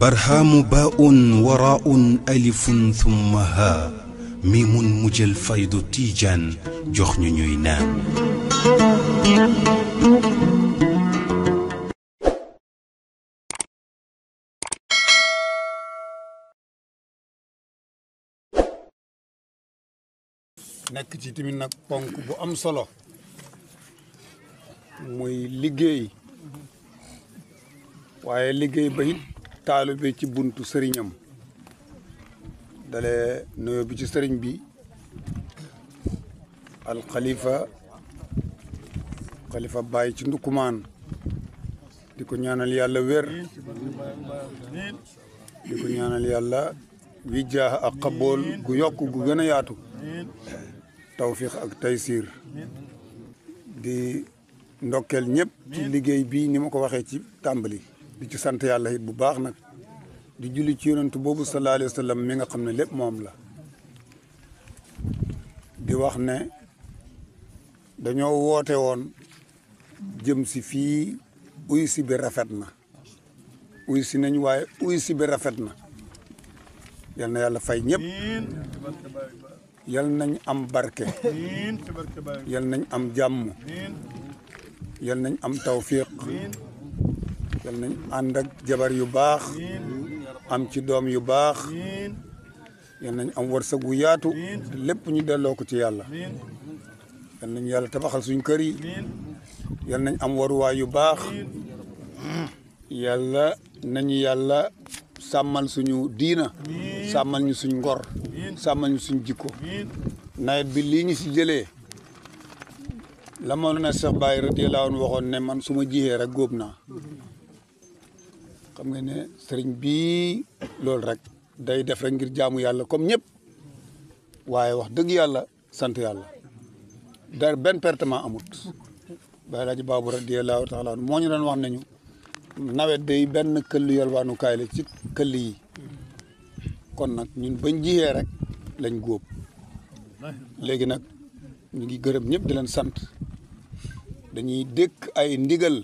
برهام باء وراء ألف ثم ها ميم مجل فيض تيجان جخن نينان nek ci timin nak ponk bu am solo muy liggéey waaye liggéey ba it taalibe ci buntu sëriñam dale nuyoo bi ci sëriñ bi alxalifa xalifa bàyyi ci ndukumaan di ko ñaanal yàlla wér di ko ñaanal yàlla wi jaax ak xabool gu yokk gu gën yaatu tawfiix ak taysiir di ndokkeel ñëpp ci liggéey bi ni ma ko waxee ci tàmbali di ci sante yalla it bu baax nak di julli ci yonent bobu sallallahu alaihi wasallam mi nga xamne lepp mom la di wax ne dañoo wote won jëm ci fi uy ci bi rafetna uy ci nañ waaye uy ci bi rafetna yalla na fay ñëpp yalla nañ am barke yalla nañ am jamm yalla nañ am tawfiq yal nañ ànd ak jabar yu baax am ci doom yu baax yal nañ am wërsëg gu yaatu lépp ñu delloo ko ci yalla yal nañ yàlla tabaxal suñ kër yi yal nañ am yu suñu diina ñu ngor ñu jikko bi ñu si jëlee la na ne sax bàyyi anhu waxoon ne man su ma rek xam nga ne sëriñ bii loolu rek day def rek ngir jaamu yàlla comme ñëpp waaye wax dëgg yàlla sant yàlla da benn pertement amut Baye Laaji Baabu radiyallaahu taala anhu moo ñu doon wax nañu nawet day benn këll yalwaanu kaay la ci këll yi kon nag ñun bañ jiyee rek lañ góob léegi nag ñu ngi gërëm ñëpp di leen sant dañuy dékk ay ndigal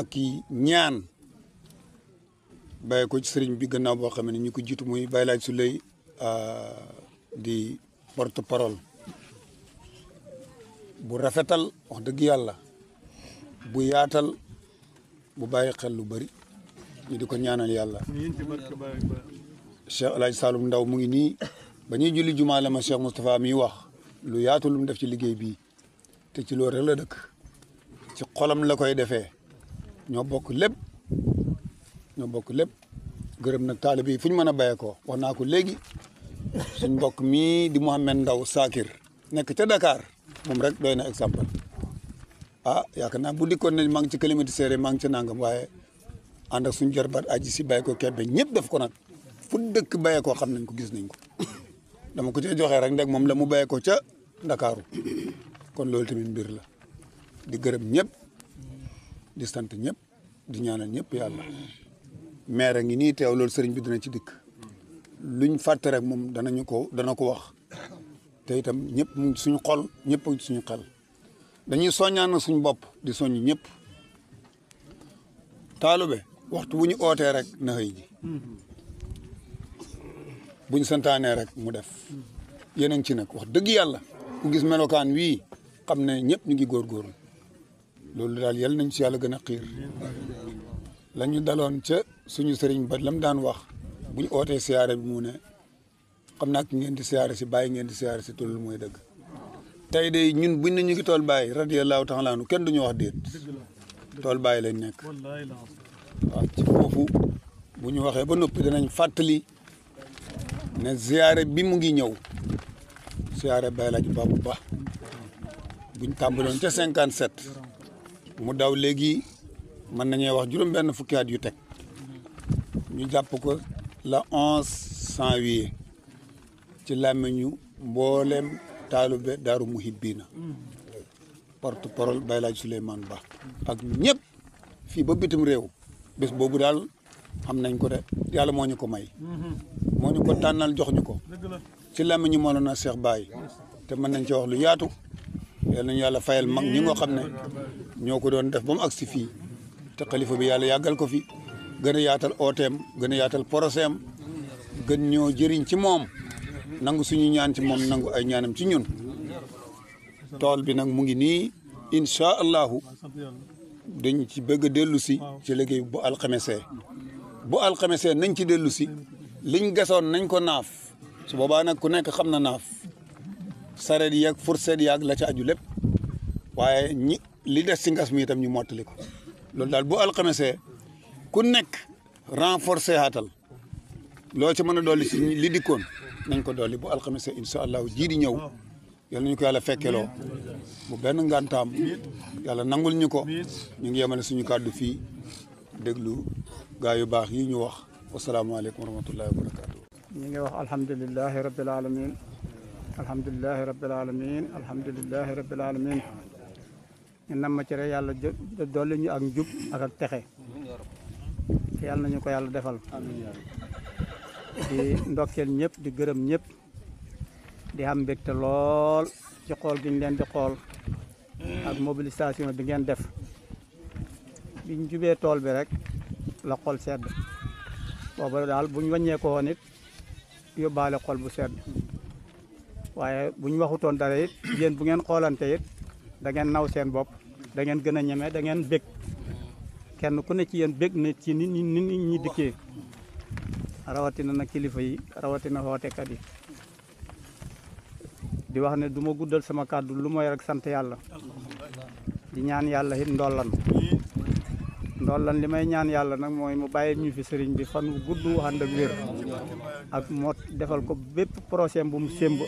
Aki nyan ñaan bàyyi ko ci serigne bi gannaaw bo xam ne ko muy bàyyi laaj sulay di porte parole bu rafetal wax deug yalla bu yaatal bu baye xel lu bari ñu diko ñaanal yalla Cheikh alhaji salum Ndaw mu ngi ni ba julli juma la ma Cheikh mustafa mi wax lu yaatu lu mu def ci liggey bi te ci lo rek la dekk ci xolam la koy defee ñoo bokk lépp ñoo bokk lépp gërëm nag taalibe yi fu ñu mën a béye ko wax naa ko léegi suñ mbokk mii di Mouhamed Ndaw Sakir nekk ca Dakar moom rek doy na exemple ah yaakaar naa bu dikkoon ne maa ngi ci kilomètre séeréer maa ngi ci nangam waaye ànd ak suñu jarbaat aji si béy ko kebbe ñëpp def ko nag fu dëkk béye ko xam nañ ko gis nañ ko dama ko ci joxee rek ndeg moom la mu ko ca kon loolu tamit mbir la di gërëm ñëpp di sant ñëpp di ñaanal ñëpp yàlla maire ngi nii teew loolu sëriñ bi dina ci dikk luñ fàtte rek moom danañu ko dana ko wax te itam ñëpp suñ suñu xol ñëpp suñu xel dañuy soññaan na suñu bopp di soñ ñëpp taalube waxtu bu ñu ootee rek na xëy ji santaanee rek mu def yeneen ci nag wax dëgg yàlla ku gis melokaan wii xam ne ñëpp ñu ngi góorgóorlu loolu dal yal nañ ci yalla gëna xir lañu dalon ci suñu sëriñ ba lam daan wax buñu oté ootee bi mu né xamna ak ngeen di siyaare ci bàyyi ngeen di siyaare ci tool moy dëgg tay day ñun buñ ne ñu ngi tool bàyyi radiyallahu taala nu kenn duñu wax deet tool bàyyi lañ nekk wallahi la foofu buñu waxé ba nopi dinañ fatali né siyaare bi mu ngi ñëw siyaare bàyyi laaj babu ba buñ tàmbaloon ci 57 mu daw léegi mën nañoo wax juróom-benn fukki at yu teg ñu jàpp ko la onze janvier ci làmmiñu mboolem be daaru muhibbiina porte parole Baylaaj Souleymane Ba ak ñëpp fii ba bitim réew bés boobu daal xam nañ ko de yàlla moo ñu ko may moo ñu ko tànnal jox ñu ko ci làmmiñu Mawlana Cheikh Baye te mën nañ ci wax lu yaatu yal nañu mag ñi xam ne ñoo ko doon def ba mu agsi fii te xalifa bi yàlla yàggal ko fii gën a yaatal ooteem gën a yaatal poroseem gën ñoo jëriñ ci moom nangu suñu ñaan ci moom nangu ay ñaanam ci ñun tool bi nag mu ngi nii incha allahu dañ ci bëgg dellu si ci liggéey bu alxamesee bu alxamesee nañ ci dellu si liñ gasoon nañ ko naaf su boobaa nag ku nekk xam na naaf sareet yeeg furseet yaag la ca aju lépp waaye ñi li dess ci ngass mi itam ñu motali ko lool dal bu alxamesee ku nek renforcer hatal lo ci mëna doli ci li dikkoon nañ ko doli bu alxamesee insha allah ji di ñëw yalla ñu ko yàlla fekkeloo bu ben ngantam yàlla nangul ñuko ñu ngi yemale suñu kàddu fi déglu gaa yu bax yi ñu wax assalamu alaykum wa rahmatullahi wa barakatuh ñu ngi wax alhamdullilah rabbil alamin alhamdulilahi rabbil alamin alhamdulilahi rabbil alamin ñu nam ma ci rek yàlla dolli ñu ak njub ak ak texe yalla nañu ko yalla defal di ndokkel ñëpp di gërëm ñëpp di am mbégte lool ci xol gi ñu leen di xol ak mobilisation bi ngeen def biñ jubé tol bi rek la xol sedd booba daal buñ wàññee ko woon it yóbbaale xol bu sedd waye buñ waxuton dara yeen bu ngeen xolante it da ngeen naw seen bopp da ngeen gën a ñeme da ngeen bég kenn ku ne ci yéen bég ne ci ni ni nit ñi dikkee rawatina nag kilifa yi rawatina wootekat yi di wax ne du ma guddal sama kàddu lu mooy rek sant yàlla di ñaan yàlla it ndollan loolu lan li ñaan yalla nak moy mu baye ñu fi sëriñ bi fan wu gudd ànd ak wér ak mo defal ko bépp projet bu mu semb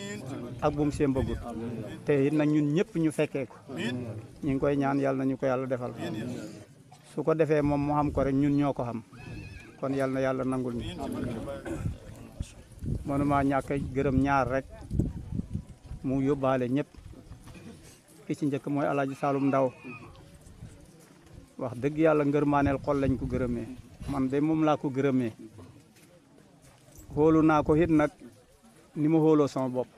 ak bu mu semb te té nag ñun ñëpp ñu féké ko ñi ngi koy ñaan yalla na ñu ko yalla defal su ko defee moom mu xam ko rek ñun ñoko ko xam kon yalla na yàlla nangul ñu mënuma ñàkk gërëm ñaar rek mu yobale ñëpp ki ci njëkk moy alaaji salum Ndaw wax dëgg yàlla ngërmaaneel xol lañ ko gërëmee man de mom la ko gërëmee holu nako ko nak ni sama bop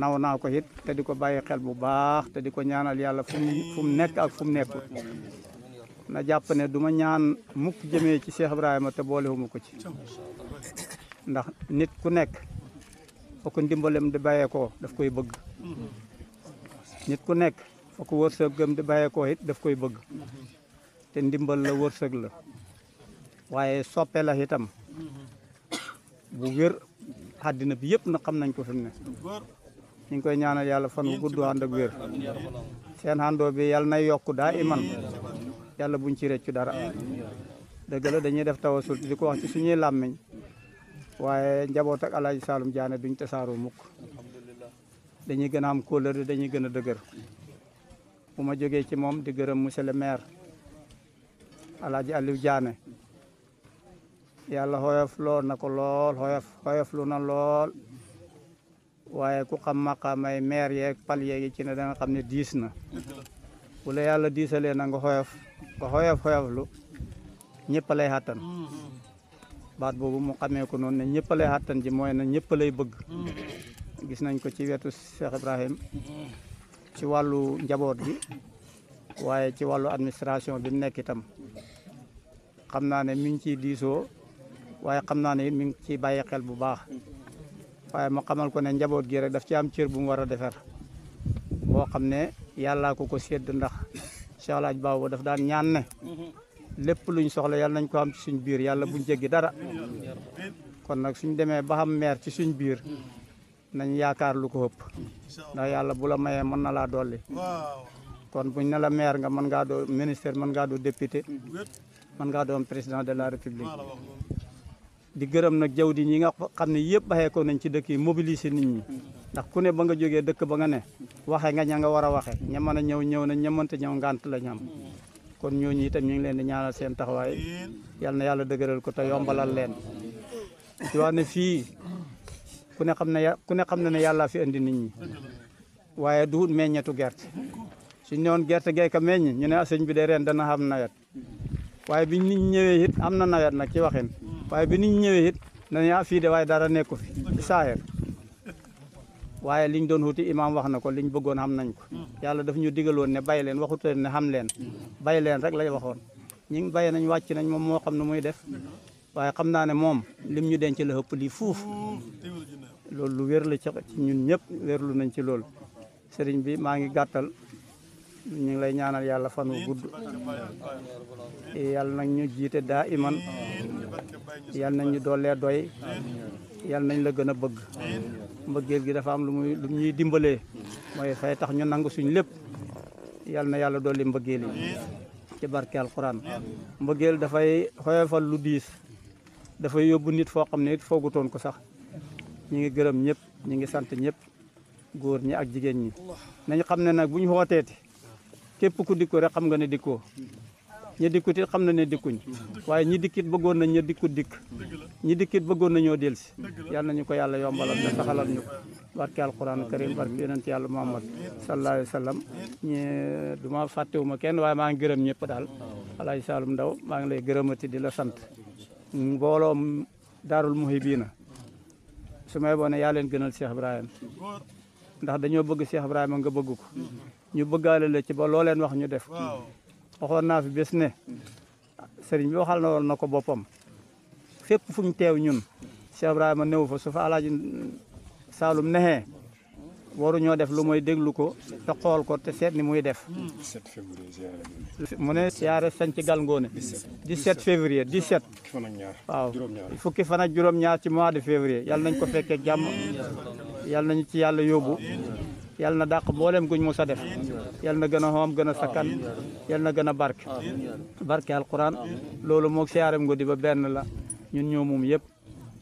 naw nako hit, te di ko xel bu baax te di ko ñaanal yalla fu fum fu ak fu nek na japp ne duma ñaan mukk jëmee ci Cheikh Ibrahima te boolewuma ko ci ndax nit ku nek ko ndimbolem di baye ko daf koy bëgg nit ku nek fa ko wërsëgam di ko it daf koy bëgg te ndimbal la wërsëg la sopela soppe la itam bu wér hadina bi yëpp na xam nañ ko fi mu ngi koy ñaanal yalla fan wu guddu and ak seen hando bi yalla nay yok iman buñ ci reccu dara deug la dañuy def tawassul di ko wax ci suñu làmmiñ waye njabot ak alhaji salum Jaane duñ tasaaroo mukk dañuy gëna am ko leer dañuy gëna deugër buma joge ci mom di gërëm monsieur le maire alaaji Aliou Diané yalla hoyof lool nako ko lool hoyof xoyof lu na lool waye ku xam maqamay maire yeek pal yeeg ci na da nga xam ne diis na bu la yalla disale na nga hoyof ko hoyof hoyof lu ñepp lay hatan baat bobu mu xamee ko non ne ñepp lay hatan ji moy na ñepp lay bëgg gis nañ ko ci wetu Cheikh Ibrahim ci walu njabot bi waye ci walu administration bi mu nekk itam xamna ne mi ngi ciy diisoo waaye ne mi ngi ci baye xel bu baax waye ma xamal ko ne njabot gi rek daf ci am cër bu mu wara defer bo xamne yalla ko ko sedd ndax Cheikh daf daan ñaan ne lepp luñ soxla yalla nañ ko am ci suñ biir yalla buñu jéggi dara kon nak suñu démé ba xam ci suñu biir nañ yaakar lu ko hop da yalla bu la na la dolli kon buñ na la maire nga mangado, nga mangado ministre man nga do député man nga do président de la république di gërëm nak jawdi ñi nga xamni yépp baxé ko nañ ci dëkk yi mobiliser nit ñi ndax ku ne ba nga joggé dëkk ba nga ne waxé nga ña nga wara waxé ña mëna ñëw ñëw na ña mënta ñëw ngant la ñam kon ñi tam ñi ngi leen di ñaanal seen taxaway yalla na yalla dëgëral ko te yombalal leen ci wax ne ku ne xam ne ya ku ne xam na ne yàlla fi indi nit ñi waaye du meññetu gerte suñ ne woon gerte gay ka ñu ne sëñ bi de ren dana xam nawet waaye bi nit ñëwee na nawet nag ci waxin waaye bi nit ñëwee it dana ah, fii de waaye dara nekku fi ci saaxir waaye liñ doon wuti imaam wax na ko liñ bëggoon xam nañ ko yàlla def ñu digaloon ne bay leen waxut leen ne xam leen bay leen rek lay waxoon ñi bay nañ wàcc nañ moom moo xam ne muy def waaye xam naa ne moom lim ñu denc la ëpp lii fuuf loolu lu wér la ci ñun ñëpp wérlu nañ ci loolu sëriñ bi ma ngi gattal ñu ngi lay ñaanal yalla fan gudd yalla ñu jité daiman iman nañ ñu dolé doy yalla nañ la gëna bëgg mbëggel gi dafa am lu muy lu ñuy dimbalé moy fay tax ñu nangu suñu lepp yalla na yalla doli mbëggel yi ci barké alquran da fay xoyofal lu diis fay yobbu nit fo xamné fogu ton ko sax ñi ngi gërëm ñëpp ñi ngi sant ñëpp goor ñi ak jigéen ñi nañu xam nak nag bu ñu képp ku dikko rek xam nga né dikko ñi dikkut it xam na né dikkuñ waye ñi dikkit bëggoon nañ ña dikkut ñi dikkit bëggoon nañu delsi yalla nañu ko yalla yombalal te taxalal ñu ko alquran karim barke yonent yalla muhammad sallallahu alayhi wasallam. ñi duma ma kenn waye ma ngi gërëm ñëpp dal alayhi salam ndaw ma ngi lay gërëmati di la sant mbooloom darul muhibina su may boo ne yaa leen gënal Cheikh Ibrahima ndax dañoo bëgg Cheikh Ibrahima nga bëgg ko ñu bëggaale la ci ba loo leen wax ñu def waxoon naa fi bes ne sëriñ bi waxal na woon na ko boppam fépp fu ñu teew ñun Cheikh Ibrahima néew fa su fa alaaji Saalum nexee waru ñoo def lu mooy déglu ko te xool ko te seet ni muy def mu ne siyaare sañ ci Galle Ngoné 17 février 17 waaw fukki fan ak juróom-ñaar ci mois de février yàlla nañ ko fekkee jàmm yàlla nañu ci yàlla yóbbu yàlla na dàq mboolem guñ musa def yàlla na gën a xoom gën a sakkan yal na gën a barke barke alquran loolu moog siyaaram Ngodi ba benn la ñun ñoo moom yëpp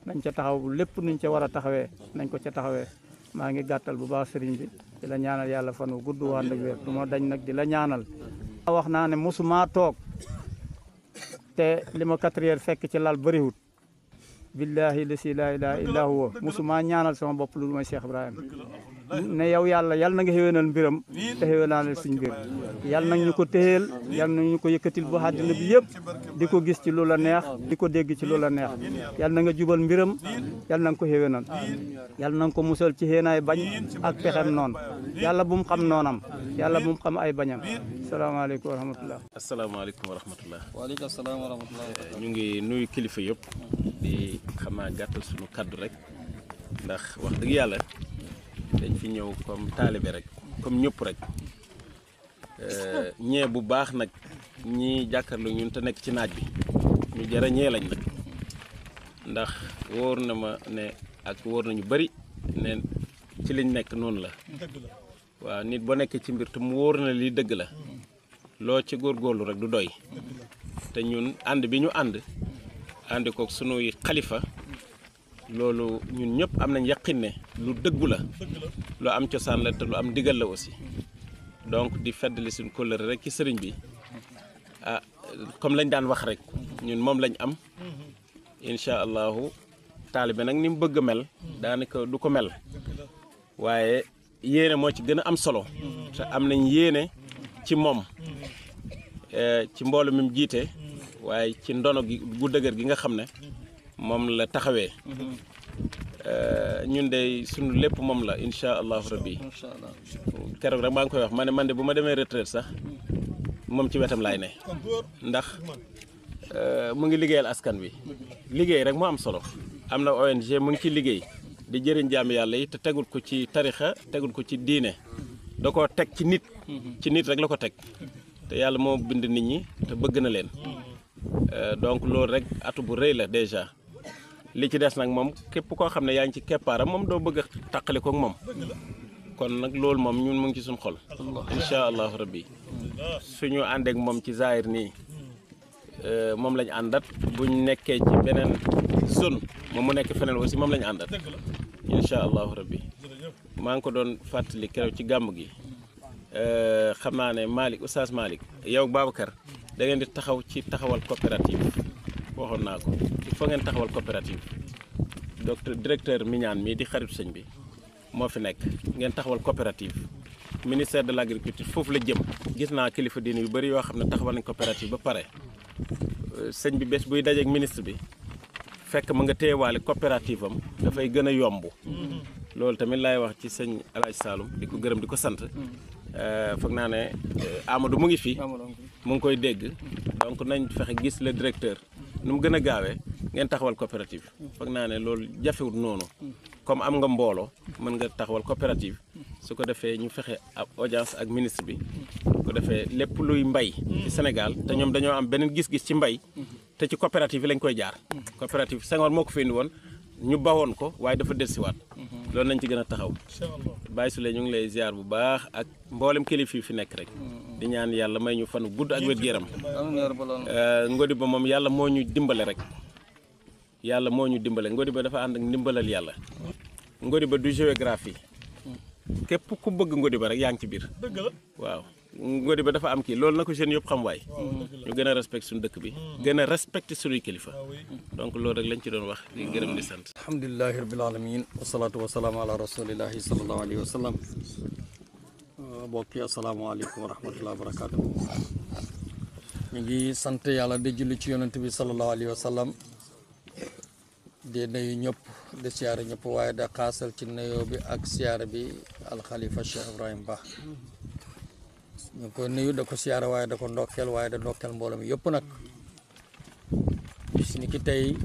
nañ ca taxaw lépp nuñ ca war a taxawee nañ ko ca taxawee maa ngi gàttal bu baax sëriñ bi di la ñaanal yàlla fan wu gudd waan ak wér du ma dañ nag di la ñaanal wax naa ne mosumaa toog te li ma quatre fekk ci lal bariwut billahi la si laa ilaaha illaa huwa maa ñaanal sama bopp lu may Cheikh Ibrahima ne yow yàlla yal na nga xéwénal mbiram te xéwénalal suñ mbir yal na ñu ko téyeel yal na ñu ko yëkkatil ba àddina bi yëpp di ko gis ci lu la neex di ko dégg ci lu la neex yal na nga jubal mbiram yal na nga ko xéwénal yal na nga ko musal ci xéenaay bañ ak pexem noon yàlla bu mu xam noonam yàlla bu mu xam ay bañam salaamaaleykum wa rahmatullah asalaamaaleykum wa rahmatullah waaleykum salaam wa rahmatullah eh, ñu ngi nuyu kilifa yëpp di xamaa gàttal suñu kàddu rek ndax dëgg yàlla dañ fi ñëw comme taalibe rek comme ñëpp rek euh, ñee bu baax nag ñi jàkkaarloo ñun te nekk ci naaj bi ñu jara ñee lañ nag ndax wóor na ma ne ak wóor nañu bari ne ci liñ nekk noonu la waaw nit boo nekk ci mbir te mu wóor na li dëgg la loo ci góor góorlu rek du doy te ñun ànd bi ñu ànd ànd kook sunuy xalifa lolu ñun ñëpp am nañ yaqin ne lu dëggu la lu am cosaan la te lu am digal la aussi donc di feddali suñ kóllëre rek ci sëriñ bi ah comme lañ daan wax rek ñun mom lañ am insha allahu talibé nak nim bëgg mel daanaka du ko mel waaye yéene mo ci gëna am solo te am nañ yéene ci euh ci mboolu mim jité waye ci ndono gu dëgër gi nga xamne moom la taxawee mm-hmm. euh, ñun de sunu lépp moom la incha allahu rabbi keroog rek maa ngi koy wax ma ne man de bu ma demee retraite sax mm-hmm. moom ci wetam laay ne ndax euh, mu ngi liggéeyal askan wi liggéey rek mu am solo am na ONG mu ngi ci liggéey di jëriñ jaam yàlla yi te tegul ko ci tarixa tegul ko ci diine da ko teg ci nit mm-hmm. ci nit rek la ko teg te yàlla moo bind nit ñi te bëgg na leen euh, donc loolu rek atu bu rëy la déjà li ci des nag moom képp koo xam ne yaa ngi ci keppaaram moom doo bëgg a kook moom kon nag loolu moom ñun mu ngi ci suñ xol incha allahu rabbi suñu àndeek moom ci zaahir nii hmm. euh, moom lañ àndat buñ nekkee ci beneen zone moom mu nekk feneen aussi moom lañ àndat incha allahu rabbi maa ngi ko doon fàttali kerew ci gàmm gi euh, xam naa ne Malick Oustaz Malick yow Babacar da ngeen di taxaw ci taxawal coopérative waxoon naa ko il faut ngeen taxawal coopérative docteur directeur Mignane mii di xarit sëñ bi moo fi nekk ngeen taxawal coopérative ministère de l' agriculture foofu la jëm gis naa kilifa diine yu bëri yoo xam ne taxawal nañ coopérative ba pare euh, sëñ bi bés buy dajeek ministre bi fekk ma nga téyewaale coopérative am dafay gën a yomb loolu tamit laay wax ci sëñ alaaj Saloum di ko gërëm di ko sant euh, foog naa ne euh, Amadou mu ngi fi mu ngi koy dégg donc nañ fexe gis le directeur nu mu gën a gaawee ngeen taxawal coopérative foog naa ne loolu jafewut noonu comme am nga mbooloo mën nga taxawal coopérative su ko defee ñu fexe ab audience ak ministre bi su ko defee lépp luy mbay ci Sénégal te ñoom dañoo am beneen gis-gis ci mbay te ci coopérative lañ koy jaar coopérative Senghor moo ko fi indi woon ñu bawoon ko waaye dafa dellusiwaat loolu nañ ci gën a taxaw Baye sulee ñu ngi lay ziar bu baax ak mboolem kilifa yi fi nekk rek di ñaan yàlla may ñu fanu gudd ak wér géram euh, ngodi ba moom yàlla moo ñu dimbale rek yàlla moo ñu dimbale ngodi ba dafa ànd ak ndimbalal yàlla ngodi ba du géographie mm. képp ku bëgg ngodi ba rek yaa ngi ci biir waaw ngóori ba dafa am ki loolu na ko jeunes yëpp xam waay ñu gën a suñu dëkk bi hmm. gën a respecté suñuy kilifa ah donc loolu rek lañ ci doon wax di gërëm di sant alhamdulilahi rabbil alamin wasalaatu wasalaamu ala rasulillahi salallahu alayhi wa sallam ah, mbokki asalaamaaleykum wa rahmatullahi wa barakaatu ñu ngi sant yàlla de julli ci yonent bi salallahu alayhi wa sallam ñëpp di siyaare ñëpp waaye da xaasal ci nuyoo bi ak siyaare bi alxalifa Cheikh Ibrahim Ba ko nuyuɗo ko siyara wayde ko dokkel wayde dokkel mbolami yoppunak siniki tawi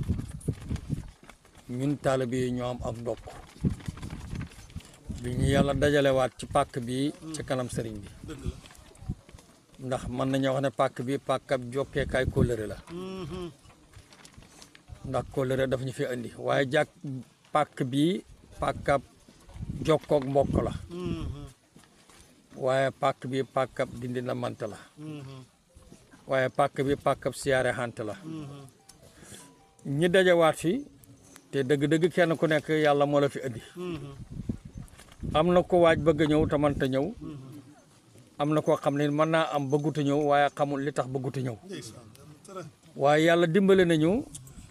min talibi ñoom ak dokk bi ñu yàlla dajalewaat ci pàkk bi ci kanam sëriñ bi ndax mën nañoo wax ne pàkk bi pàkk ab jok kóllëre la ndax kóllëre daf ñu fi andi waaye jak pak bi pàkk ab jokkoog mbokk la waaye pak bi pakap dindi na mant la mhm. waaye pàkk bi pakap siare hantala hmm ñi wat fi té deug deug kenn ku nek yalla mo la fi indi am mhm. amna ko waj bëgg ñew ta man ta ñew am na koo mhm. xam ne am bëgguta ñew ya xamul li tax bëgguta ñew waaye yalla dimbalé nañu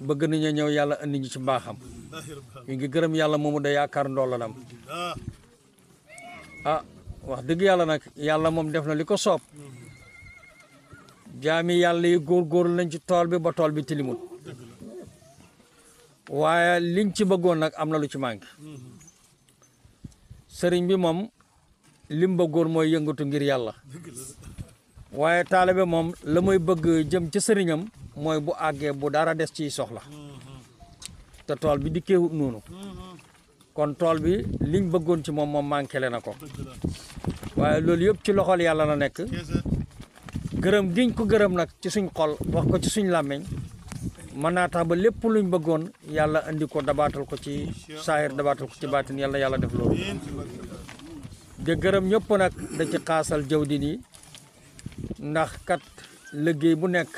bëgg nañu ñew yalla andi ñu ci mbaaxam ñi ngi gërëm da ah wax dëgg yàlla nag yàlla moom def na li ko soob jaami yàlla yi góor nañ ci tool bi ba tool bi tilimut waaye liñ ci bëggoon nag am na lu ci manqué sëriñ bi moom lim bëggoon mooy yëngatu ngir yàlla waaye taalibe moom la muy bëgg jëm ci sëriñam mooy bu àggee bu dara des ci soxla te tool bi dikkeewut noonu kon tool bi liñ bëggoon ci moom moom manqué le na ko waaye loolu yëpp ci loxol yàlla la nekk gërëm giñ ko gërëm nag ci suñ xol wax ko ci suñ làmmiñ mën naa tax ba lépp luñ bëggoon yàlla indi ko dabaatal ko ci saahir dabaatal ko ci baatin yàlla yàlla def loolu de gërëm ñëpp nag da ci xaasal jaww din yi ndax kat liggéey bu nekk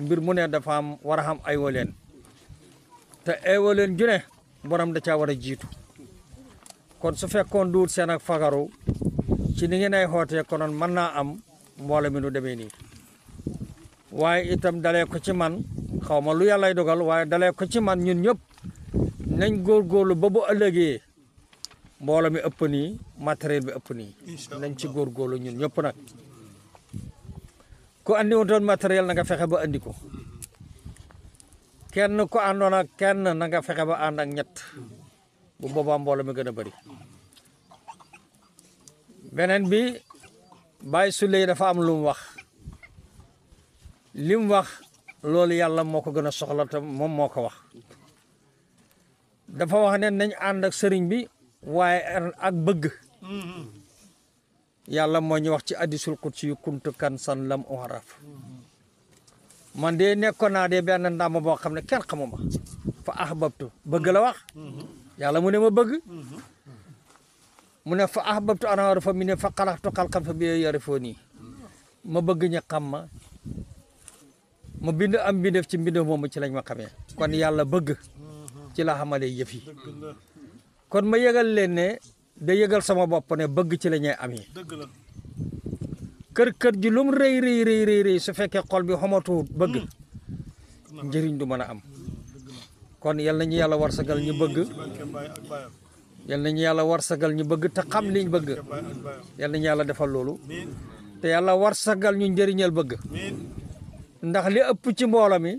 mbir mu ne dafa am war a am ay waleen te ay waleen ju ne borom da caa war a jiitu kon su fekkon dur sen ak fagaru ci ni ngeen ay mana konon man na am mbooloo mi nu demee ni waye itam dalé ko ci man xawma ma lu yàllay dogal waye dalé ko ci man ñun ñëpp nañ gorlu ba bu mi ëpp ni matériel bi ëpp ni nañ ci gorlu ñun ñëpp nak ko andi wutoon matériel nga fexé ba andi ko kenn ko andona kenn nga fexé ba and ak ñett bu boobaa mbooloo mi gën a bëri beneen bi Baye Souleye dafa am lum wax li wax loolu yàlla moo ko gën a soxla te moom moo ko wax dafa wax ne nañu ànd ak sëriñ bi waaye ak bëgg yàlla moo ñu wax ci addisul qudsi yu kuntu kan san lam uharaf man de nekkoon naa de benn ndam boo xam ne kenn xamuma fa ahbabtu bëgg la wax yalla mune ne ma bëgg mhm. mune fa ahbabtu ana a'rifa mi ne fa xalaxtu xalqan fa bi yarifuni ma bëgg ñi xam ma ma bind am mbindeef ci mbindeef mom ci lañ ma xamee kon yalla bëgg mhm. ci la xamalé yëf yi kon ma yëgal leen né da yëgal sama bop ne bëgg ci la ñuy amee kër kër ji lum reey reey reey reey su fekkee xol bi xamatuwut bëgg mm. njëriñ du mëna am mm kon yalla nañu yalla war sagal ñu bëgg yalla nañu yalla war sagal ñu bëgg ta xam liñ bëgg yalla nañu yalla defal lolu te yalla war sagal ñu ndëriñal bëgg ndax li ëpp ci mbooloo mi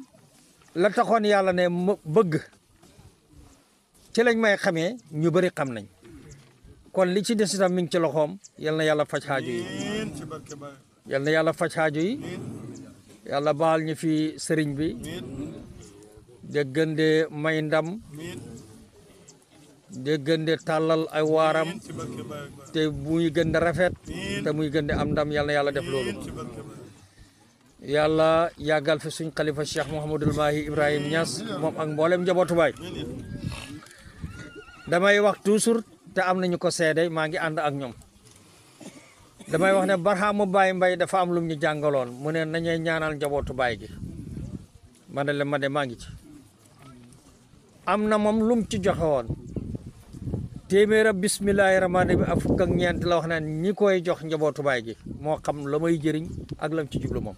la taxone yalla ne bëgg ci lañ may xamé ñu bari xam nañ kon li ci dess tam mi ngi ci loxom yalla na yalla fajj haaju yi yalla na yalla fajj haaju yi yalla baal ñu fi sëriñ bi déggande may ndam déggande talal ay waram te muy gën rafet te muy gën am ndam yalla yalla def lolu yalla yagal fi suñu khalifa cheikh mouhamadul mahi ibrahim nias mom ak mbollem jabotou bay damay wax toujours te am nañu ko sédé ma ngi and ak ñom damay wax ne barxaamu baye mbay dafa am lu ñu jangalon mu ne nañay ñaanal jabotou bay gi man la ma ngi ci am na moom lum ci joxewoon woon téeméer ab bismillaahi rahmaani bi ak fukk ak ñeent la wax naan ñi koy jox njabootu baay gi moo xam la may jëriñ ak lam ci jublu moom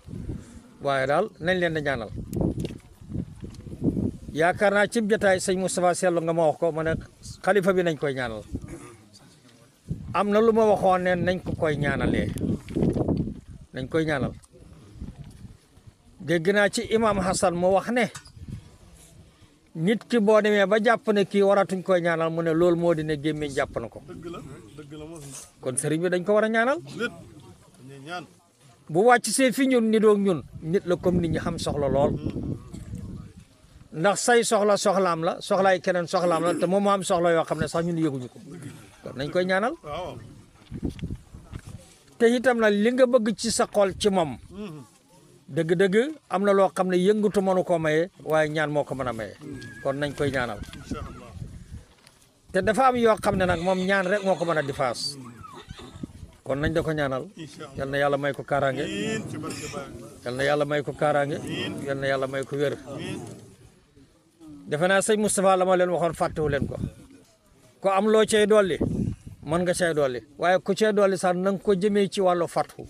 waaye daal nañ leen di ñaanal yaakaar naa cib jotaay sëñ Moustapha Sello nga ma wax ko ma ne xalifa bi nañ koy ñaanal am na lu ma waxoon ne nañ ko koy ñaanale nañ koy ñaanal dégg naa ci imam Hassan mu wax ne nit ki boo demee ba jàpp ne kii waratuñ ko ñaanal mu ne loolu moo di ne jàpp na ko kon sëriñ bi dañ ko war a ñaanal bu wàcc see fi ñun nidoog ñun nit la comme nit ñi xam soxla lool ndax say soxla soxlaam la soxlaay keneen soxlaam la te moom moo am soxla yoo xam ne sax ñun yëguñu ko kon nañ koy ñaanal te itam nag li nga bëgg ci sa xol ci moom mm-hmm. dëgg-dëgg am na loo xam ne yëngatu mënu koo maye waaye ñaan moo ko mën a maye kon nañ koy ñaanal te dafa am yoo xam ne nag moom ñaan rek moo ko mën a difaas kon nañ da ko ñaanal yal na yàlla may ko kaaraange yal na yàlla may ko kaaraange yàlla may ko defe naa sëñ Moustapha la ma leen waxoon fàttewu leen ko ko am loo cey dolli mën nga cey dolli waaye ku cee dolli sax na nga ko jëmee ci wàllu fàttu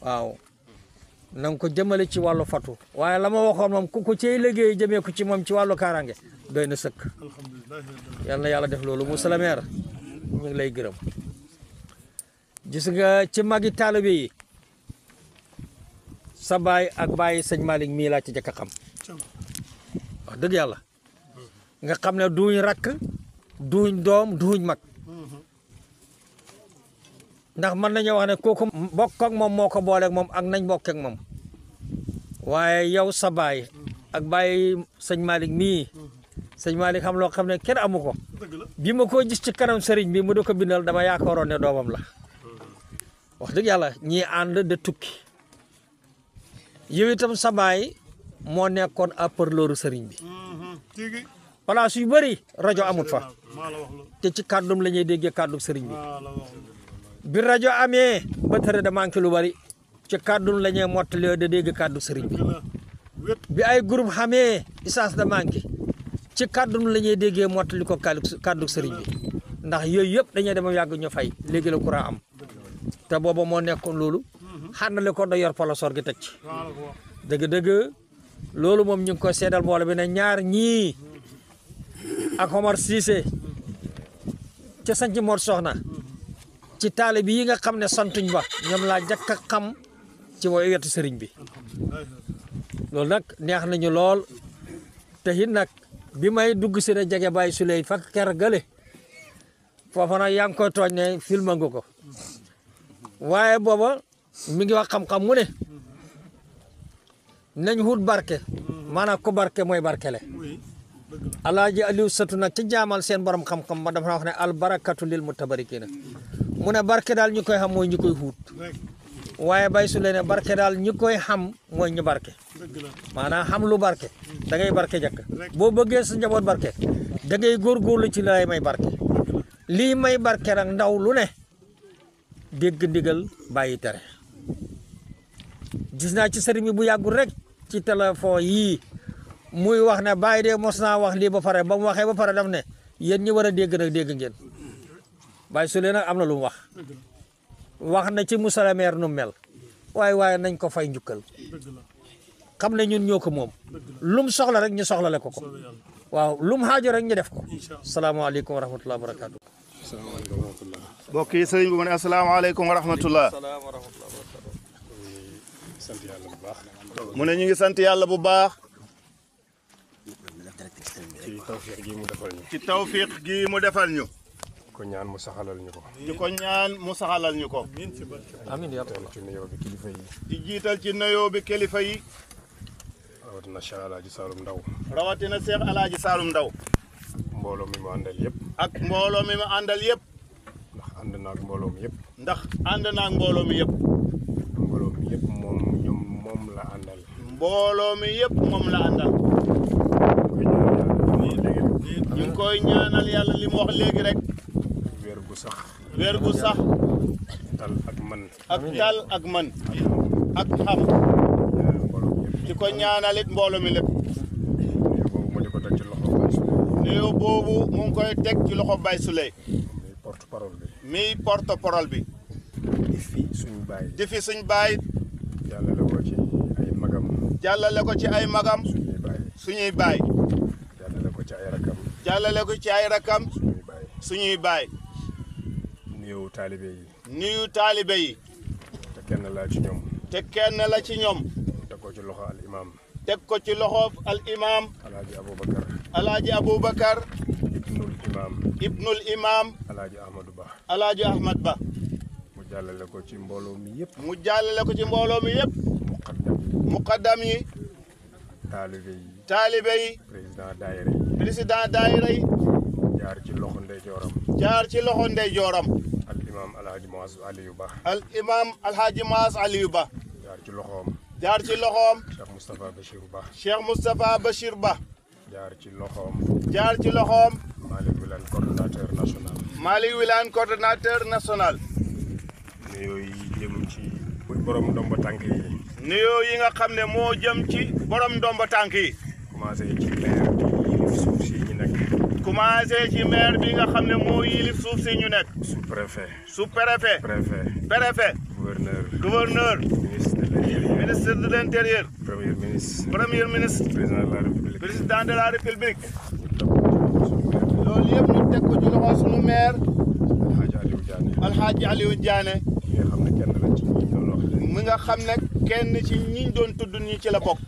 waaw na nga ko jëmale ci wàllu fatu waaye la ma waxoon moom ku ko cey liggéey jëmee ko ci moom ci wàllu kaaraange doy na sëkk yal na yàlla def loolu mu Lamer ñu lay gërëm gis nga ci magi taalibe yi sa baay ak bàyyi sëñ Malick mii laa ci jëkk a xam dëgg yàlla nga xam ne duuñ rakk duuñ doom duuñ mag ndax mën nañu wax ne kooku bokk ak moom moo ko booleeg moom ak nañ bokk moom waaye yow sabaay ak baay sëñ Malick mii sëñ Malick xam loo xam ne kenn amu ko bi ma ko gis ci kanam sëriñ bi mu di ko bindal dama yaakaaroon ne doomam la wax dëgg yàlla ñii ànd de tukki yow sabaay moo nekkoon àpparlooru sëriñ bi mm-hmm. place yu bari rajo amut fa te ci kàddum la ñuy déggee sëriñ bi bi radio amé ba téré da manki lu bari ci kàddu lañé ñuy mottalee dégg kàddu sëriñ bi bi ay groupe xamé isaas da manki ci kàddu lañé déggé déggee mottali ko kàddu sëriñ bi ndax yoy yëp dañé dem yag ñu fay légui le courant am té bobo mo nekkoon lolu xanalé mhm. ko do yor sor gi teg ci dëgg-dëgg lolu mom ñu ko sédal seedal mboolo bi ne ñaar ñi mhm. ak Omar Cissé mhm. ca sanc Mor Soxna ci taalibe yi nga xam ne santuñ ba ñoom laa njëkk xam ci way wetu sëriñ bi loolu nag neex nañu lool te it nag bi may dugg si ne jege bàyyi su ley fakk ker gële foofa nag yaa ngi koy tooñ ne filma ko waaye booba mi ngi wax xam-xam mu ne nañ wut barke maanaam ko barke mooy barkele alaaji aliou satu nag ci jaamal seen borom xam-xam ma dafa wax ne albarakatu lil mutabarikina mu ne barke daal ñu koy xam mooy ñu koy xuut waaye bay su leen barke daal ñu koy xam mooy ñu barke maanaa xam lu barke dangay ngay barke jàkk boo bëggee su njaboot barke da ngay góorgóorlu ci lay may barke lii may barke nag ndaw lu ne dégg ndigal bàyyi tere gis naa ci sëriñ bu yàggul rek ci téléphone yii muy wax ne bàyyi dee mos naa wax lii ba pare ba mu waxee ba pare daf ne yéen ñi war a dégg nag dégg ngeen bay Souley nag amna lu wax wax na ci Moussa le maire nu mel way way nañ ko fay njukkal xamna ñun ñoko mom lum soxla rek ñu soxla le ko ko waaw lum haaju rek ñu def ko alaykum wa rahmatullahi wa barakaatu. mbokk yi sëriñ bi mu ne asalaamaaleykum wa rahmatulah. mu ne ñu ngi sant yalla bu baax. ci tawfiq gi mu defal ñu. ci tawfiq gi mu defal ñu ko ñaan mu saxalal ñu ko ñaan mu saxalal amin ya rabbi ci nuyoo bi kilifa yi di jiital ci nuyoo bi kilifa yi rawatina cheikh alaaji saalum ndaw rawatina cheikh alaaji saalum ndaw mbooloo mi mu àndal yëpp ak mbooloo mi mu àndal yëpp ndax ànd naag mbooloo mi yëpp ndax ànd naag mi mi la mi la ñu koy ñaanal li mu wax rek वेरगुसा ak tal ak man ak xam ci ko ñaanalit mbooloo mi lépp néew boobu mu ngi koy teg ci loxo Baye Souley miy porte parole bi di fi suñ baay di fi suñ baay jàllale ko ci ay magam jàllale ko ci ay magam suñuy baay jàllale ko ci ay rakam jàllale ko ci ay rakam suñuy baay nuyu taalibe yi. nuyu taalibe yi. te kenn la ci ñoom. te kenn la ci ñoom. teg ko ci loxo al imaam. teg ko ci loxo al imaam. alaaji Aboubacar. alaaji Aboubacar. ibnul imaam. ibnul imaam. alaaji Ahmadou Ba. alaaji Ahmad Ba. mu jàllale ko ci mbooloo mi yëpp. mu jàllale ko ci mbooloo mi yëpp. muqaddam yi. muqaddam yi. taalibe yi. taalibe yi. président daayira yi. président daayira yi. jaar ci loxo ndeyjooram. jaar ci loxo ndeyjooram. imaam alhaaji Maas Aliou Ba al imaam alhaaji Maas Aliou jaar ci loxoom jaar ci loxoom Cheikh Moustapha Bachir Ba Cheikh Moustapha jaar ci loxoom jaar ci loxoom Malick Wilane coordonnateur national Malick Wilane coordonnateur national nuyoo yi jëm ci borom ndomba tànk yi nuyoo yi nga xam ne moo jëm ci borom ndomba tànk yi commencé commencé ci bi nga xam ne moo yilif suuf si ñu nekk. sous préfet. sous préfet. préfet. préfet. gouverneur. ministre de l'intérieur. premier ministre. président de la république. loolu yëpp ñu teg ko ci loxo sunu maire. mi nga xam ne kenn la ci ñi doon ñi ci la bokk.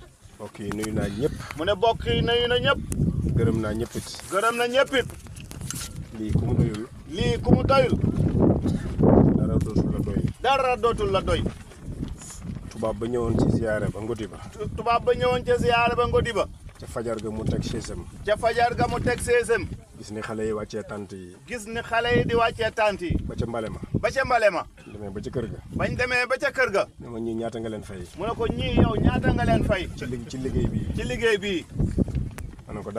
mbokk yi nuyu naa mu ne mbokk yi nuyu na gërëm naa ñëpp it. gërëm na ñëpp it. lii ku mu doyul. lii ku mu dara dootul la doy. dara dootul la doy. tubaab ba ñëwoon ci ziyaare ba ngoti ba. tubaab ba ñëwoon ci ziyaare ba ngoti ba. ca fajar ga mu teg seesam. ca fajar ga mu teg seesam. gis ni xale yi wàccee tant gis ni xale di wàccee tant yi. ba ca mbale ma. ba ca mbale ma. demee ba ca kër ga. bañ demee ba ca kër ga. ne ma ñii ñaata nga leen fay. mu ne ko ñii yow ñaata nga leen fay. ci liggéey bi ci liggéey bi. mu ne ko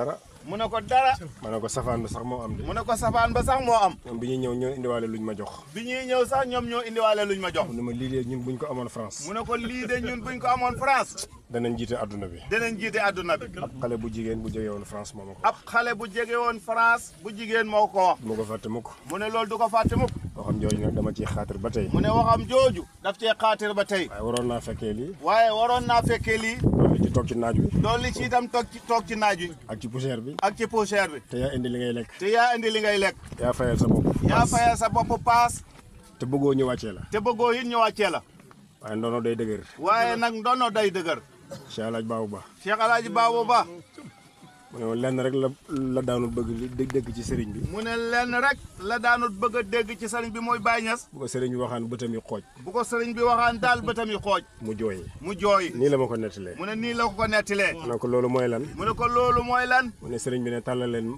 dara mu ne ko safaan ba sax moo am de mu ne ko safaan ba sax moo am ñoom bi ñuy ñëw ñoo indiwaale luñ ma jox bi ñuy ñëw sax ñoom ñoo indiwaale luñ ma jox mu ne ma lii ñun buñ ko amoon France mu ne ko lii ñun buñ ko amoon France danañ jiite àdduna bi. danañ jiite àdduna bi. ab xale bu jigéen bu jege woon France moo ma ko wax. ab xale bu jege woon France bu jigéen moo ko wax. mu ko fàtte mukk. mu ne loolu du ko fàtte mukk. waxam jooju nag dama ciy xaatir ba tey. mu ne waxam jooju. daf cee xaatir ba tey. waroon naa fekkee lii. waaye waroon naa fekkee lii. loolu ci toog ci naaj wi. li ci itam toog ci toog ci naaj wi. ak ci poussière bi. ak ci poussière bi. te yaa indi li ngay lekk. te yaa indi li ngay lekk. yaa fayal sa bopp. yaa fayal sa bopp paas. te bëggoo ñu wàccee la. te bëggoo it ñu wàccee la. waaye ndono day dëgër. waaye nag ndono day dëgër. Cheikh Alaaji Babou Ba Cheikh Alaaji Babou Ba mu ne lenn rek la la daanul bëgg dégg ci sëriñ bi. mu ne lenn rek la daanul bëgg a dégg ci sëriñ bi mooy Baye Niass. bu ko sëriñ bi waxaan ma ko mu ne nii la ko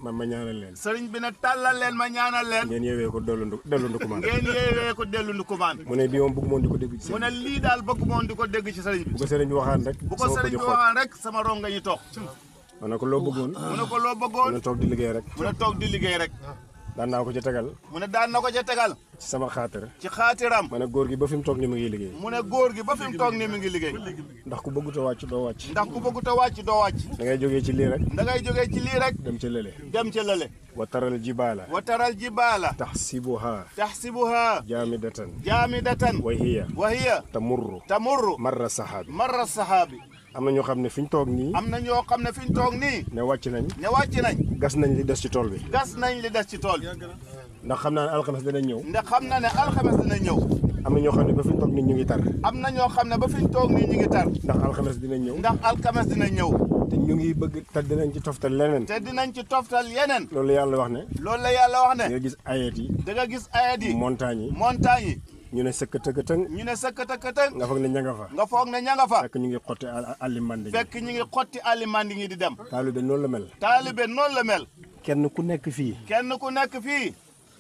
ma ma ñaanal leen. ma ñaanal leen. ngeen yeewee ko dellu ndu dellu ndukumaan. ngeen yeewee ko dellu ndukumaan. mu ne bii moom bëgg moon di ko dégg ci. mu ne lii daal bëgg moon di ko dégg ci sëriñ rek. sama ronga yi toog mu ne ko loo bëggoon mu ne ko loo bëggoon mu ne toog di liggéey rek mu ne toog di liggéey rek daan naa ko ca tegal mu ne daan na ko ca tegal ci sama xaatir ci xaatiram mu ne góor gi ba fi mu toog ni mu ngi liggéey mu ne góor gi ba fi mu toog ni mu ngi liggéey ndax ku bëggut a wàcc doo wàcc ndax ku bëggut a wàcc doo wàcc da ngay jógee ci lii rek da ngay jógee ci lii rek dem ca lële dem ca lële wa taral jibaala wa taral jibaala taxsibuha taxsibuha jaamidatan jaamidatan wa hiya wa hiya tamurru tamurru marra sahaabi marra sahaabi am na ñoo xam ne fi ñu toog nii. am na ñoo xam ne fi ñu toog nii. ne wàcc nañ. ne wàcc nañ. gas nañ li des ci tool bi. gas nañ li des ci tool bi. ndax xam naa ne alxames dana ñëw. ndax xam naa ne alxames ñëw. am na ñoo xam ne ba fi ñu toog ñu ngi tar. am na ñoo xam ne ba fi ñu toog nii ñu ngi tar. ndax alxames dina ñëw. ndax alxames dina ñëw. te ñu ngi bëgg te dinañ ci toftal leneen. te dinañ ci toftal yeneen. loolu la yàlla wax ne. loolu la yàlla wax ne. da nga gis ayet yi. da gis ayet yi. montagne yi montagne yi. ñu ne sëkk ñu ne sëkk tëkk nga foog ne ña nga fa nga foog ne ña fa fekk ñu ngi xotti àlli mandi fekk ñu ngi xotti àlli mandi ngi di dem taalibe noonu la mel taalibe noonu la mel kenn ku nekk fii kenn ku nekk fii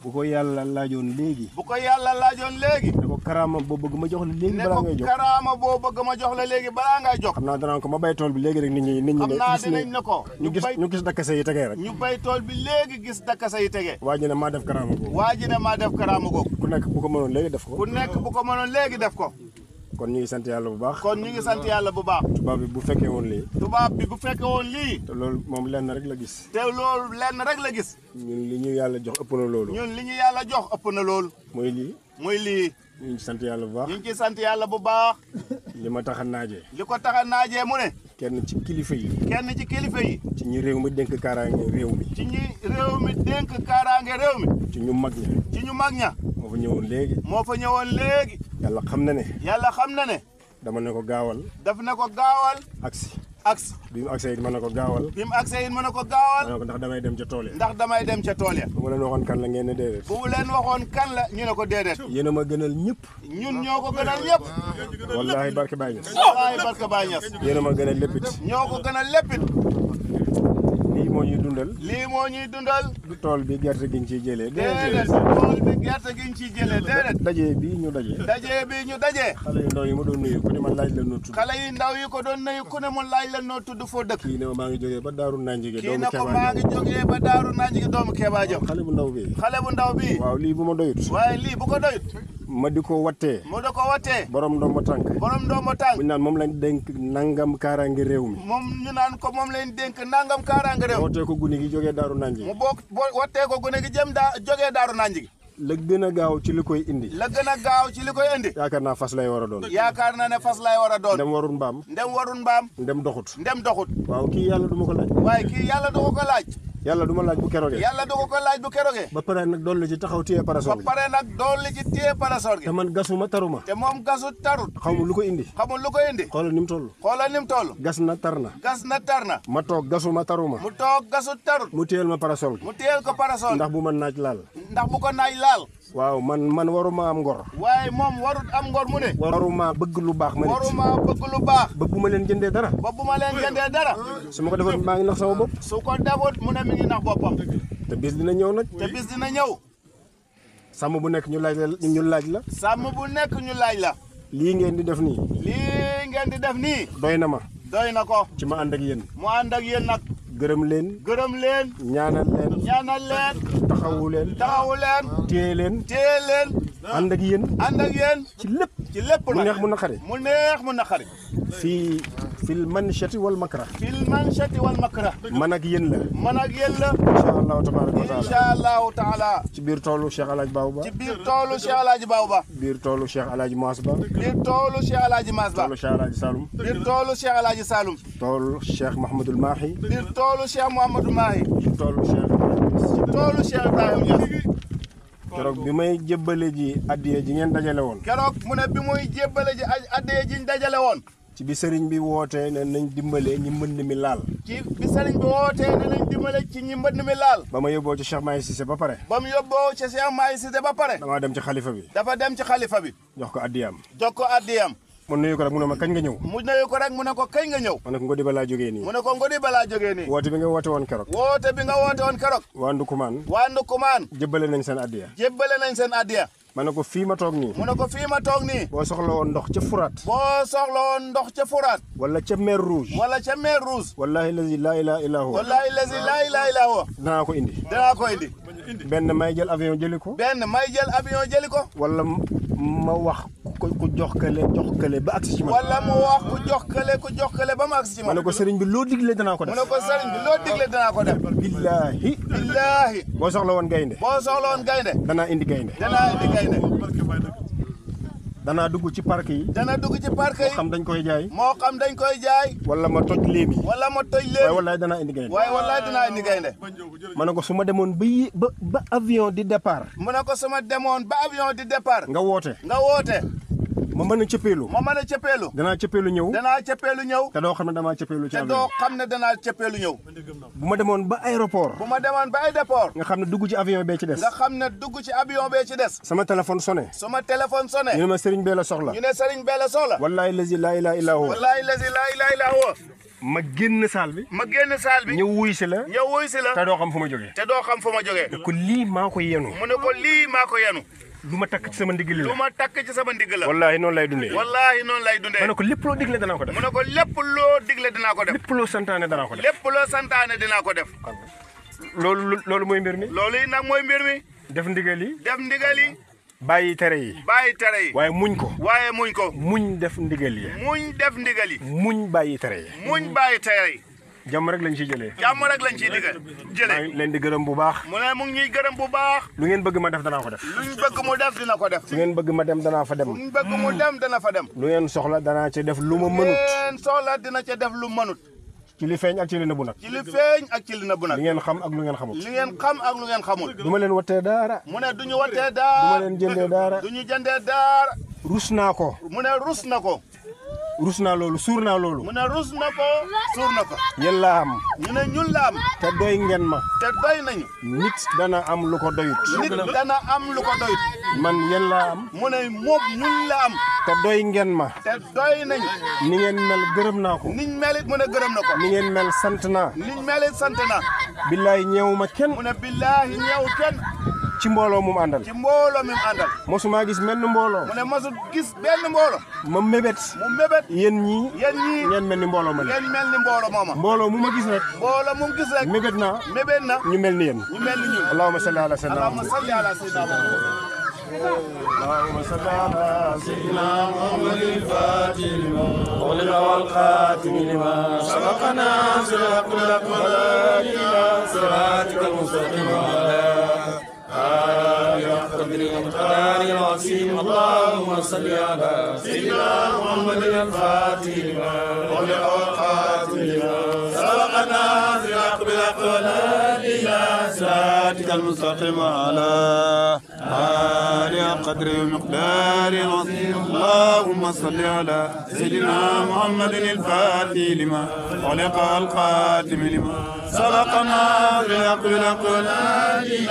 bu ko yàlla laajoon léegi. bu ko yàlla laajoon léegi. ne ko karaama boo bëgg ma jox la léegi balaa ngay jox ne ko karaama boo bëgg ma jox la léegi balaa ngay jox. xam naa ko ma bay tool bi léegi rek ni ñi nit ñi ne. ko ñu gis ñu gis dakkase yi tege rek. ñu bay tool bi léegi gis dakkase yi tege. waa ne maa def karaama googu. waa ji ne maa def karaama googu. ku nekk bu ko mënoon léegi def ko. ku nekk bu ko mënoon léegi def ko. kon ñu ngi sant yàlla bu baax. kon ñu ngi sant yàlla bu baax. tubaab bi bu fekkee woon lii. tubaab bi bu fekkee woon lii. te loolu moom lenn rek la gis. te loolu lenn rek la gis. ñun li ñu yàlla jox ëpp na loolu. ñun li ñu yàlla jox ëpp na loolu. mooy lii. mooy lii. ñu ngi sant yàlla bu baax. ñu ngi sant yàlla bu baax. li ma tax a naajee. li ko tax a naajee mu ne. kenn ci kilifa yi. kenn ci kilifa ci ñi réew mi dénk kaaraange réew mi. ci ñi réew mi dénk kaaraange réew mi. ci ñu mag ña. ci ñu mag ña. moo fa ñëwoon léegi. moo fa ñëwoon léegi. yàlla xam na ne. yàlla xam na ne. dama ne ko gaawal. daf ne ko gaawal. agsi. agsi bi mu agsee it mën na ko gaawal bi mu agsee na ko gaawal mën na ko ndax damay dem ca tool ya ndax damay dem ca tool ya waxoon kan la ngeen ne déedéet waxoon kan la ñu ko déedéet yéen a ma gënal ñëpp ñun ñoo ko gënal ñëpp wallaahi barke Baye Niass wallaahi a ma gënal léppit ñoo ko gënal léppit ñuy dundal. lii moo ñuy dundal. du tool bi gerte giñ ciy jëlee. déedéet tool bi gerte giñ ciy jëlee déedéet. daje bii ñu daje. daje bii ñu daje. xale yu ndaw yi ma doon nuyu ku ne ma laaj la noo tudd. xale yu ndaw yi ko doon nuyu ku ne ma laaj la noo tudd foo dëkk. kii ne ma maa ngi jógee ba Daaru Nanjige. doomu Kebaa Diop kii ne ko maa ngi jógee ba Daaru Nanjige doomu Kebaa Diop. xale bu ndaw bi xale bu ndaw bi. waaw lii bu ma doyut. waaye lii bu ko doyut. ma di ko wattee mu di ko wattee borom ndombo tànk borom ndombo tànk bu ñu naan moom lañ dénk nangam kaaraange réew mi moom ñu naan ko moom lañ dénk nangam kaaraange réew mi wattee ko gune gi jógee daaru nanji mu boo wattee ko gune gi jëm daa jógee daaru nanji gi la gën a gaaw ci li koy indi la gën a gaaw ci li koy indi yaakaar naa fas lay war a doon yaakaar naa ne fas lay war a doon ndem warun mbaam ndem warun mbaam ndem doxut ndem doxut waaw kii yàlla du ma ko laaj waaye kii yàlla du ma ko laaj yàlla du ma laaj bu kerogee yàlla du ko ko laaj bu kerogee ba pare nag doon li ci taxaw téye parasol ba pare nag doon li ci téye parasol gi te man gasuma taruma te moom gasu tarut xamul lu ko indi xamul lu ko indi xoolal ni mu toll xoolal ni mu toll gas na tar na gas na tar ma toog gasuma taruma mu toog gasu tarut mu téyel ma parasol gi mu téyel ko parasol ndax bu ma naaj laal ndax bu ko naaj laal waaw man man waruma am ngor waaye mom warut am ngor mune waruma bëgg lu baax ma waruma bëgg lu baax ba bu ma leen dara ba bu ma leen dara su ma ko defoon maa ngi nax sama bopp su ko defoon mu ne mi ngi nax boppam te bis dina ñëw nag te bis dina ñëw sàmm bu nekk ñu laaj la ñu laaj la sàmm bu nekk ñu laaj la ngeen di def ngeen di def ma ko ci ma ak mu ànd ak yéen nag gërëm leen gërëm leen ñaanal leen ñaanal leen تاولن تاولن تيلن تيلن عندك ين عندك ين ànd ak yéen ànd ak yéen منيح lépp ci lépp في المنشة والمكره في المنشة والمكره منك ين لا منك ين لا إن شاء الله تبارك وتعالى إن شاء الله تعالى تبير تولو شيخ علاج باوبا تبير تولو شيخ علاج باوبا بير تولو شيخ علاج ماسبا بير تولو شيخ علاج ماسبا تولو شيخ علاج سالم بير تولو شيخ علاج سالم تولو شيخ محمد الماحي بير تولو شيخ محمد الماحي تولو شيخ تولو شيخ Ibrahima bi may jébbale ji addiya ji ngeen dajale woon. keroog mu ne bi muy jébbale ji addiya ji dajale woon. ci bi sëriñ bi wootee ne nañ dimbale ñi mbënd mi laal. ci bi sëriñ bi wootee ne nañ dimbale ci ñi mi laal. ba ma yóbboo ci Cheikh Mahi Cissé ba pare. ba mu yóbboo ci Cheikh Mahi Cissé ba pare. dem ci xalifa bi. dafa dem ci xalifa bi. jox ko addiyam. jox ko addiyam. mu nuyu ko rek munoma ne ma kañ nga ñëw mu nuyu ko rek munako ne ko kañ nga ñëw munako ne ko ngodi bala joge ni nii mu ne ko ngodi bala joge ni nii woote bi nga woote woon kérok woote bi nga woote woon keroog waa Ndukumaan waa Ndukumaan jébbale nañ seen addiya jébbale nañ seen addiya mane ko fii ma toog nii. mu fii ma toog nii. boo soxla woon ndox ca Furaat. boo soxla woon ndox ca Furaat. wala ca mer rouge. wala ca mer rouge. wallaahi lazi laa ilaaha illaa huwa. wallaahi lazi laa ilaaha illaa huwa. danaa ko indi. danaa ko ko. benn ma wax ku jox kale jox kale ba agsi ci man. wala ma wax ku jox kale ku jox kale ba ma agsi ci man. ma ne ko sëriñ bi loo digle danaa ko def. ko sëriñ billaahi. billaahi. boo soxla woon gaynde. boo soxla woon gaynde. danaa indi gaynde. fay danaa dugg ci park yi. danaa dugg ci parc yi. moo xam dañ koy jaay. moo xam dañ koy jaay. wala ma toj léem yi. wala ma toj léem yi waaye wallaay danaa indi gaynde. waaye wallaay danaa ma ne ko suma demoon ba yi ba ba avion di départ. mu ne ko su demoon ba avion di départ. nga woote nga woote. ma mën a cëppeelu ma mën a cëppeelu danaa cëppeelu ñëw danaa cëppeelu ñëw te doo xam ne damaa cëppeelu ñëw bu ma demoon ba aéroport bu ma demoon ba aéroport nga xam ne dugg ci avion bee ci des nga xam ne dugg ci avion bee ci des sama téléphone sonné sama téléphone sonné ñu ne ma sëriñ bee la soxla ñu ne sëriñ bee la soxla wallaahi lazi laa ilaaha illaa huwa wallaahi lazi laa ma génn saal bi ma génn saal bi ñëw wuy si la ñëw wuy si la te doo xam fu ma jógee te doo xam fu ma joge ko maa ko yenu mu ne ko lii maa ko yenu lu ma takk sama ndigg la lu ma takk ci sama ndigg la wallaahi noonu lay dundee wallaahi noonu lay dundee ma ne ko lépp loo digle danaa ko def ma ne ko lépp loo digle dinaa ko def lépp loo santaane danaa ko def lépp loo santaane dinaa ko def loolu loolu mooy mbir mi loolu yi nag mooy mbir mi def ndigal yi def ndigal yi bàyyi tere yi bàyyi tere yi waaye muñ ko waaye muñ ko muñ def ndigal yi muñ def ndigal yi muñ bàyyi tere yi muñ bàyyi tere yi jàmm rek lañ ci jëlee jàmm rek lañ ciy diggal jëlee leen di gërëm bu baax mu ne mu ngi ñuy gërëm bu baax lu ngeen bëgg ma def danaa ko def lu ñu bëgg mu def dina ko def lu ngeen bëgg ma dem danaa fa dem lu dana fa dem lu ngeen soxla danaa ci def lu ma mënut lu ngeen soxla dina def lu mënut ci li feeñ ak ci li nëbbu nag ci li feeñ ak ci li nëbbu nag li ngeen xam ak lu ngeen xamul li ngeen xam ak lu ngeen xamul du ma leen wattee daara mu ne duñu wattee daara du ma leen jëndee daara duñu jëndee rus naa ko mu ne rus na ko rus naa loolu suur naa loolu. mu ne rus na ko suur na ko. yéen laa am. ñu te doy ma. te doy nañu. nit dana am lu ko doyut. am lu man yéen laa am. mu ne moom ñun laa te doy ngeen ma. te doy nañu. ni ngeen mel gërëm naa ko. niñ mel it mu ko. ni ngeen mel sant naa. niñ mel sant naa. billaay ñeewu ma kenn. mu ne billaay ñeewu kenn. ci mbooloo mu mu àndal. ci mbooloo mi mu àndal. mosuma gis menn mbooloo. mu ne mosu gis benn mbooloo. ma mébét. mu mébét yéen ñii. yéen ñii ngeen mel ni mbooloo ma ne. ngeen mel ni mbooloo mooma. mbooloo mu ma gis rek. mbooloo mu gis rek. mébét naa. mébét na ñu mel ni yéen. ñu mel ni ñun. allahumma salli ala sayyidina allahumma salli ala sayyidina اللهم صل على سيدنا محمد الفاتح لما ولد والخاتم لما سبق ناصر كل قبائل صراطك المستقيم على مختار راسهم اللهم صل على سيدنا محمد الخاتم والخاتم سبقنا سباق بالحق ولا إلى سراتك المستقيم على عالي قدر ومقدار عظيم اللهم صل على سيدنا محمد الفاتح لما خلق القاتم لما سبقنا بالحق بالحق والهادي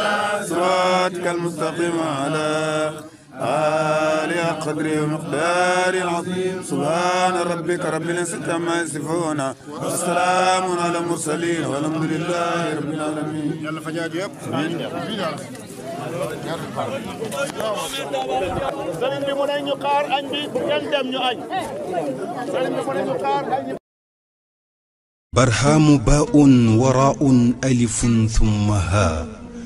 صراطك المستقيم على عالي قدري ومقداري العظيم سبحان ربك رب العزة عما يصفون والسلام على المرسلين والحمد لله رب العالمين يلا فجاج يا sëriñ bi mu ne ñu xaar añ bi bu kenn dem ñu añ sëriñ bi mu ne برهام باء وراء ألف ثم ها